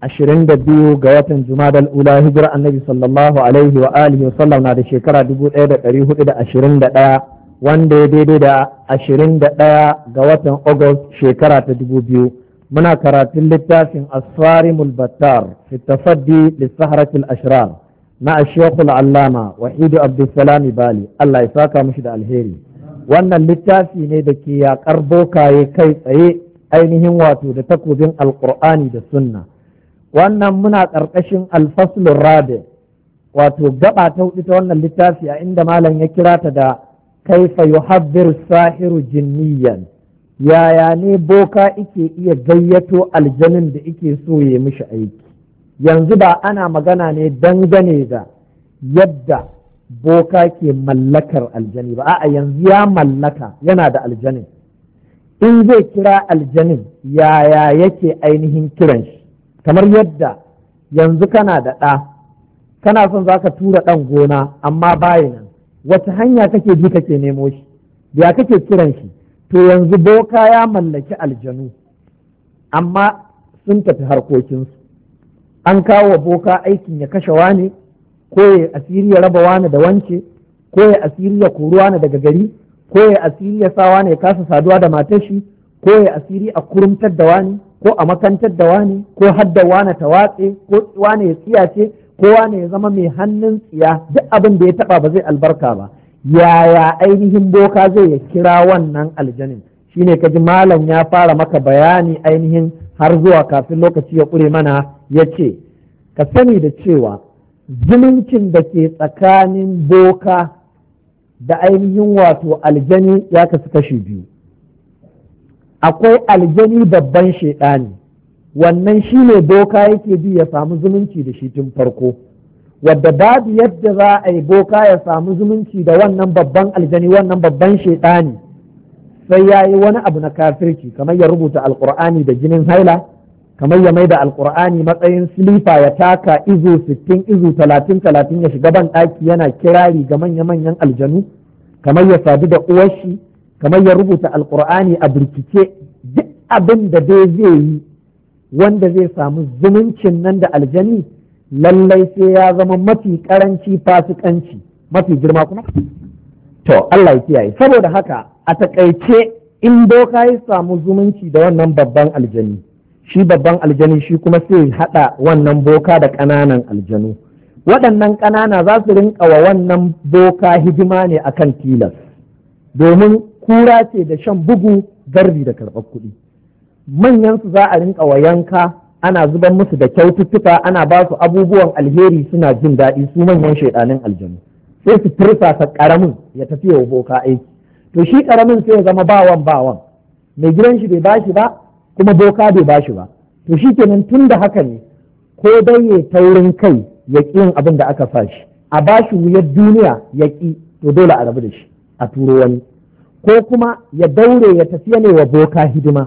ashirin da biyu ga watan jumadal ula hijira annabi sallallahu alaihi wa alihi wa sallam na da shekara dubu ɗaya da ɗari hudu da ashirin da ɗaya wanda ya daidai da ashirin da ɗaya ga watan agust shekara ta dubu biyu muna karatun littafin asfari mulbatar fi tafaddi lissaharatul ashrar na ashekul allama wahidu abdulsalam bali allah ya saka mushi da alheri wannan littafi ne da ke yaƙar bokaye kai tsaye ainihin wato da takobin alkur'ani da sunna wannan muna ƙarƙashin alfaslun rabe wato gaba ta hudu ta wannan littafi a inda malam ya kira ta da kaifa yuhabbir sahiru jinniyan yaya ne boka ike iya gayyato aljanin da ike so ya mishi aiki yanzu ba ana magana ne dangane da yadda boka ke mallakar aljani ba a'a yanzu ya mallaka yana da aljanin in zai kira aljanin yaya yake ainihin kiran shi kamar yadda yanzu kana da ɗa kana son za ka tura ɗan gona amma bayi nan wata hanya kake bi kake nemo shi ya kake kiran shi to yanzu boka ya mallaki aljanu amma sun tafi harkokinsu an kawo boka aikin ya kashe wani ko ya asiri ya raba wani da wance ko ya asiri ya kori wani daga gari ko ya asiri ya sa wani ya kasa saduwa da matashi? ko ya asiri a kurumtar da wani ko a makantar da wani ko hadda wani ta watse ko wani ya tsiyace ko wani ya zama mai hannun tsiya duk abin da ya taba ba zai albarka ba yaya ainihin boka zai ya kira wannan aljanin shine ka ji malam ya fara maka bayani ainihin har zuwa kafin lokaci ya kure mana ya ce ka sani da cewa zumuncin da ke tsakanin boka da ainihin wato aljani ya kasu kashi biyu akwai aljani babban shaidani wannan shi ne boka yake bi ya samu zumunci da shi tun farko wadda babu yadda za a yi boka ya samu zumunci da wannan babban aljani wannan babban shaidani sai ya yi wani abu na kafirci kamar ya rubuta alkur'ani da jinin haila kamar ya mai da alkur'ani matsayin silifa ya taka izo sittin izo talatin talatin ya shiga ban ɗaki yana kirari ga manya-manyan aljanu kamar ya sadu da uwar shi kamar ya rubuta alkur'ani a birkice duk abin da dai zai yi wanda zai samu zumuncin nan da aljani, lallai sai ya zama mafi karanci fasikanci mafi girma kuma to Allah ya kiyaye saboda haka a takaice in doka ya samu zumunci da wannan babban aljani shi babban aljani shi kuma sai hada wannan boka da ƙananan aljanu waɗannan ƙanana za su rinka wa wannan boka hidima ne akan tilas domin kura ce da shan bugu garbi da karɓar kuɗi manyan su za a rinka yanka, ana zuban musu da kyaututtuka ana ba su abubuwan alheri suna jin daɗi su manyan shaidanin aljanu sai su ta ƙaramin ya tafi wa boka aiki to shi ƙaramin sai ya zama bawan bawan mai gidan shi bai bashi ba kuma boka bai bashi ba to shi kenan tun da haka ne ko dai ya taurin kai ya ƙi abin da aka sa shi a bashi wuyar duniya ya ƙi to dole a rabu da shi a turo wani ko kuma ya daure ya tafi yana wa boka hidima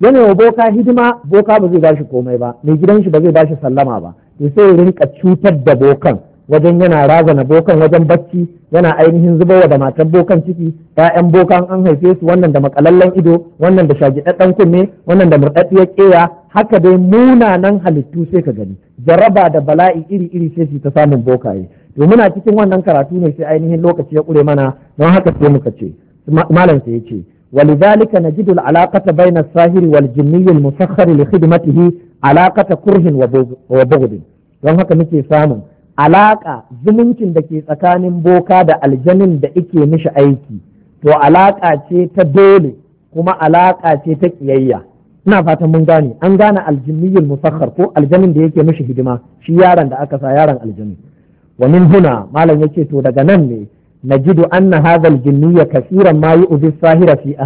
yana wa boka hidima boka ba zai ba shi komai ba mai gidan shi ba zai ba shi sallama ba to sai ya rinka cutar da bokan wajen yana razana bokan wajen bacci yana ainihin wa da matan bokan ciki ƴaƴan bokan an haife su wannan da makalallen ido wannan da shagidaddan kunne wannan da murɗaɗɗiyar ƙeya haka dai munanan halittu sai ka gani jaraba da bala'i iri iri sai su ta samun bokaye to muna cikin wannan karatu ne sai ainihin lokaci ya ƙure mana don haka sai muka ce malam sai yace ولذلك نجد العلاقة بين الساهر والجني المسخر لخدمته علاقة كره وبغض don haka muke samun alaƙa zumuncin da ke tsakanin boka da aljanin da ike mishi aiki to alaƙa ce ta dole kuma alaƙa ce ta ƙiyayya ina fatan mun gane an gane aljinniyul musakhar ko aljanin da yake mishi hidima shi yaron da aka sa yaron aljini wa min huna malam yace to daga nan ne najidu anna hadha al-jinniyya kaseeran ma yu'dhi sahira fi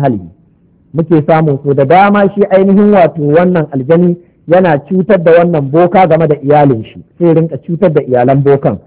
muke samun so da dama shi ainihin wato wannan aljani yana cutar da wannan boka game da iyalin shi sai rinka cutar da iyalan bokan